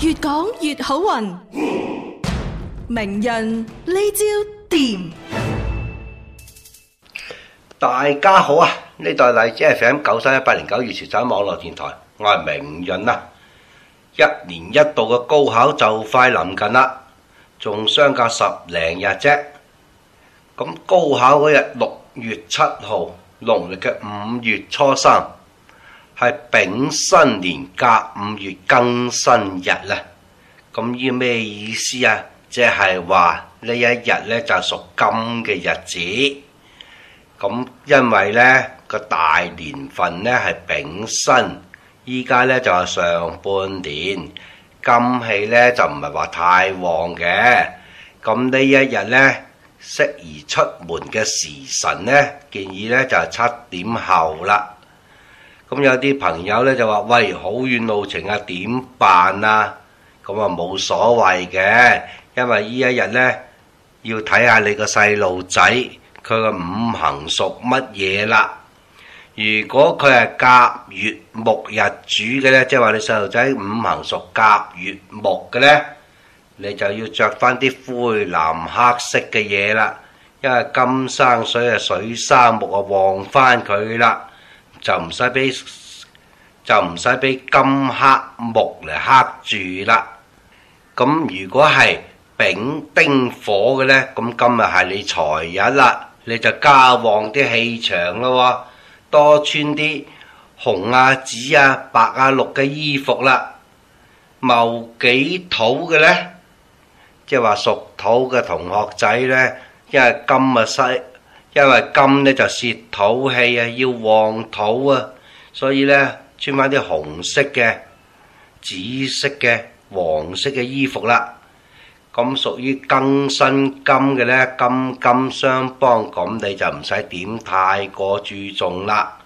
越講越好運，名人呢招掂。大家好啊，呢度係荔枝 FM 九三一八零九二時首網絡電台，我係明潤啊。一年一度嘅高考就快臨近啦，仲相隔十零日啫。咁高考嗰日六月七號，農曆嘅五月初三。係丙申年甲五月庚申日啦，咁依咩意思啊？即係話呢一日咧就屬係金嘅日子，咁因為咧個大年份咧係丙申，依家咧就係上半年，金氣咧就唔係話太旺嘅，咁呢一日咧適宜出門嘅時辰咧建議咧就係七點後啦。咁、嗯、有啲朋友咧就話：喂，好遠路程啊，點辦啊？咁啊冇所謂嘅，因為呢一日咧要睇下你個細路仔佢個五行屬乜嘢啦。如果佢係甲乙木日主嘅咧，即係話你細路仔五行屬甲乙木嘅咧，你就要着翻啲灰藍黑色嘅嘢啦，因為金生水啊，水生木啊，旺翻佢啦。就唔使俾就唔使俾金克木嚟克住啦。咁如果係丙丁火嘅呢，咁今日係你財日啦，你就加旺啲氣場咯。多穿啲紅啊、紫啊、白啊、綠嘅衣服啦。戊己土嘅呢，即係話屬土嘅同學仔呢，因為今日西。因為金咧就泄土氣啊，要旺土啊，所以咧穿翻啲紅色嘅、紫色嘅、黃色嘅衣服啦。咁屬於庚辛金嘅咧，金金相幫，咁你就唔使點太過注重啦。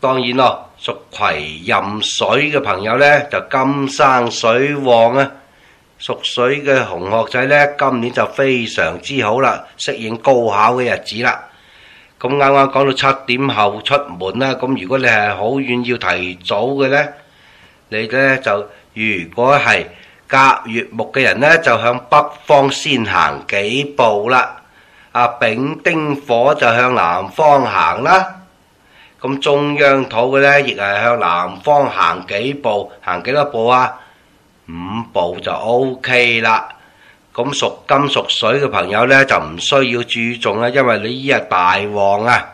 當然咯，屬癸壬水嘅朋友咧，就金生水旺啊。屬水嘅同學仔呢，今年就非常之好啦，適應高考嘅日子啦。咁啱啱講到七點後出門啦，咁如果你係好遠要提早嘅呢，你呢就如果係甲乙木嘅人呢，就向北方先行幾步啦。啊，丙丁火就向南方行啦。咁中央土嘅呢，亦係向南方行幾步，行幾多步啊？五步就 OK 啦，咁屬金屬水嘅朋友咧就唔需要注重啦，因為你依日大旺啊，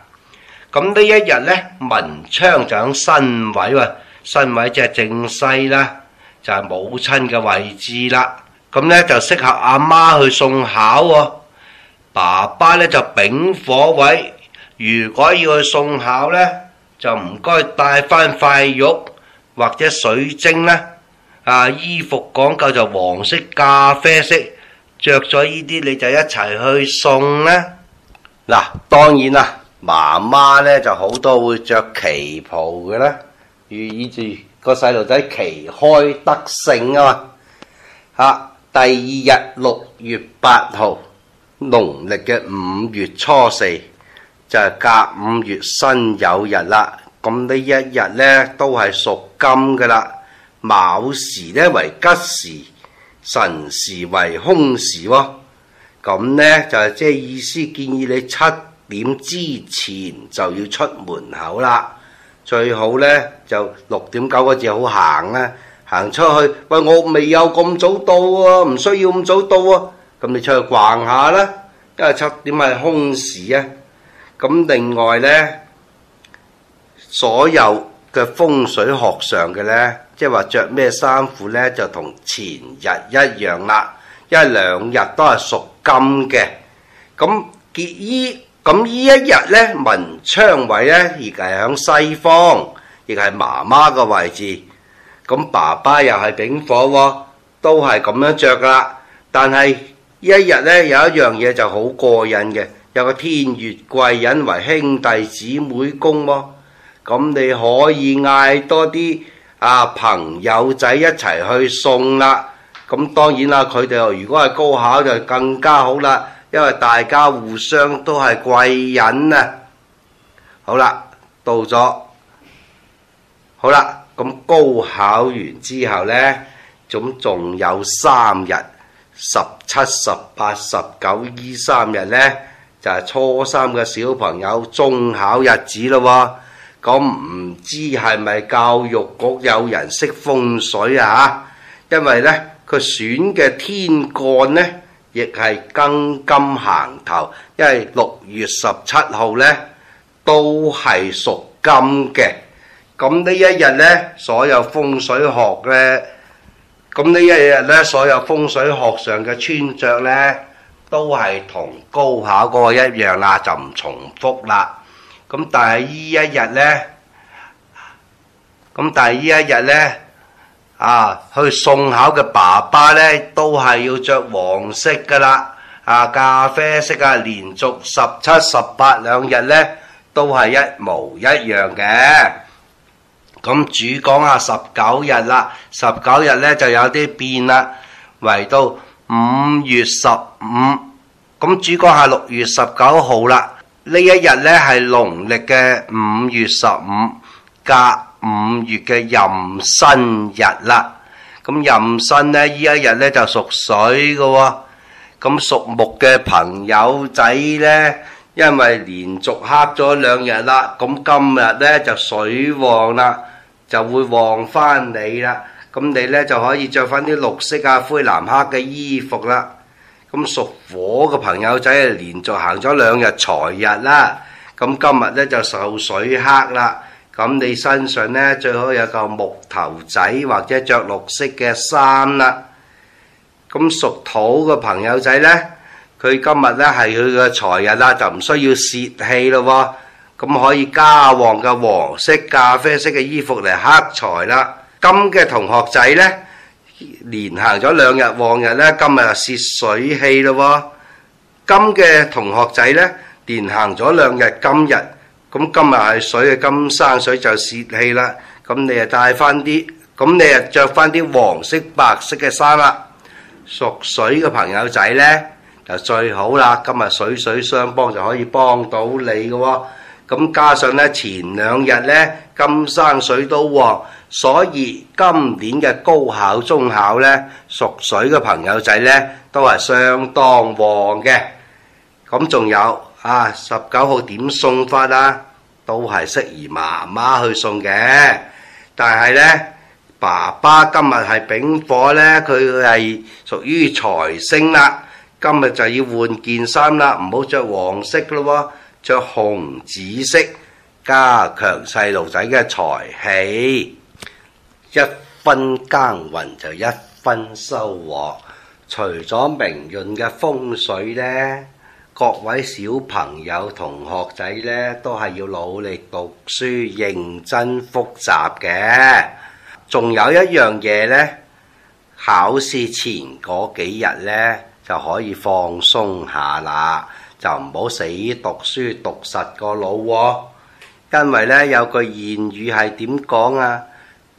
咁呢一日咧文昌就喺身位喎，身位即係正西啦，就係母親嘅位置啦，咁咧就適合阿媽去送考喎，爸爸咧就丙火位，如果要去送考咧就唔該帶返塊玉或者水晶啦。啊！衣服講究就黃色、咖啡色，着咗呢啲你就一齊去送啦。嗱，當然啦，媽媽呢就好多會着旗袍嘅啦，寓意住個細路仔旗開得勝啊嘛。啊，第二日六月八號，農曆嘅五月初四就係甲午月辛酉日啦。咁呢一日呢，都係屬金噶啦。卯時呢為吉時，辰時為空時喎。咁呢就係即係意思建議你七點之前就要出門口啦。最好呢就六點九個字好行啦，行出去。喂，我未有咁早到喎，唔需要咁早到喎。咁你出去逛下啦，因為七點係空時啊。咁另外呢，所有嘅風水學上嘅呢。即係話着咩衫褲呢，就同前日一樣啦。一兩日都係屬金嘅，咁結衣咁呢一日呢，文昌位呢亦係喺西方，亦係媽媽嘅位置。咁爸爸又係頂火喎、哦，都係咁樣著啦。但係呢一日呢，有一樣嘢就好過癮嘅，有個天月貴人為兄弟姊妹宮喎、哦。咁你可以嗌多啲。啊！朋友仔一齊去送啦，咁當然啦，佢哋如果係高考就更加好啦，因為大家互相都係貴人啊！好啦，到咗，好啦，咁高考完之後呢，總仲有三日，十七、十八、十九依三日呢，就係、是、初三嘅小朋友中考日子咯喎。咁唔知係咪教育局有人識風水啊？因為呢，佢選嘅天干呢亦係庚金行頭，因為六月十七號呢都係屬金嘅。咁呢一日呢，所有風水學呢，咁呢一日呢，所有風水學上嘅穿着呢都係同高考嗰個一樣啦，就唔重複啦。咁但係依一日呢，咁但係依一日呢，啊，去送考嘅爸爸呢都係要着黃色噶啦，啊，咖啡色啊，連續十七、十八兩日呢都係一模一樣嘅。咁、嗯、主講下十九日啦，十九日呢就有啲變啦，圍到五月十五，咁、嗯、主講係六月十九號啦。呢一日呢係農曆嘅五月十五，隔五月嘅壬申日啦。咁壬申呢，呢一日呢就屬水嘅哦。咁屬木嘅朋友仔呢，因為連續黑咗兩日啦，咁今日呢就水旺啦，就會旺翻你啦。咁你呢就可以着翻啲綠色啊、灰藍黑嘅衣服啦。咁屬火嘅朋友仔啊，連續行咗兩日財日啦，咁今日咧就受水克啦。咁你身上咧最好有嚿木頭仔或者着綠色嘅衫啦。咁屬土嘅朋友仔咧，佢今日咧係佢嘅財日啦，就唔需要泄氣咯喎。咁可以加旺嘅黃色、咖啡色嘅衣服嚟克財啦。金嘅同學仔咧。連行咗兩日，往日呢，今日就泄水氣咯喎。金嘅同學仔呢，連行咗兩日，今日，咁今日係水嘅，金生水就泄氣啦。咁你啊，帶翻啲，咁你啊，着翻啲黃色、白色嘅衫啦。屬水嘅朋友仔呢，就最好啦。今日水水相幫，就可以幫到你嘅喎。咁加上咧，前兩日咧，金生水都旺，所以今年嘅高考、中考咧，屬水嘅朋友仔咧，都係相當旺嘅。咁仲有啊，十九號點送法啊？都係適宜媽媽去送嘅。但係咧，爸爸今日係丙火咧，佢係屬於財星啦。今日就要換件衫啦，唔好着黃色咯。着紅紫色加強細路仔嘅財氣，一分耕耘就一分收穫。除咗明潤嘅風水呢，各位小朋友同學仔呢都係要努力讀書、認真複習嘅。仲有一樣嘢呢，考試前嗰幾日呢就可以放鬆下啦。就唔好死讀書讀實個腦喎，因為呢，有句言語係點講啊？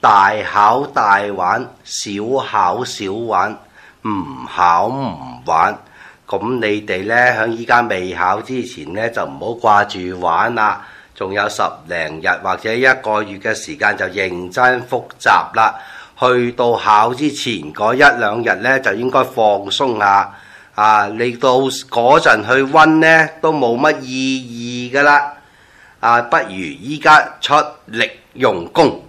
大考大玩，小考小玩，唔考唔玩。咁你哋呢，喺依家未考之前呢，就唔好掛住玩啦。仲有十零日或者一個月嘅時間，就認真複習啦。去到考之前嗰一兩日呢，就應該放鬆下。啊！你到嗰陣去溫呢，都冇乜意義噶啦。啊，不如依家出力用功。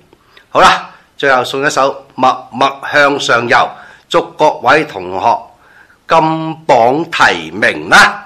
好啦，最後送一首《默默向上游》，祝各位同學金榜題名啦！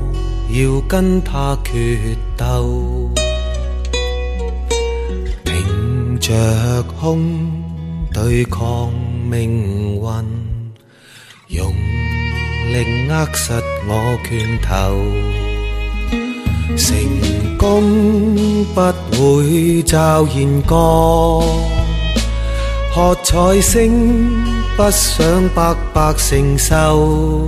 要跟他決鬥，挺着胸對抗命運，用力握實我拳頭。 成功不會驟然過，覺 喝彩聲不想白白承受。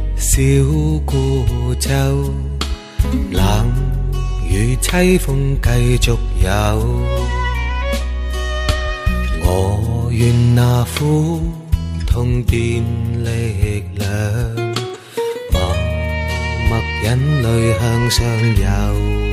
小孤舟，冷雨凄風繼續游。我願那苦痛變力量，默默忍淚向上游。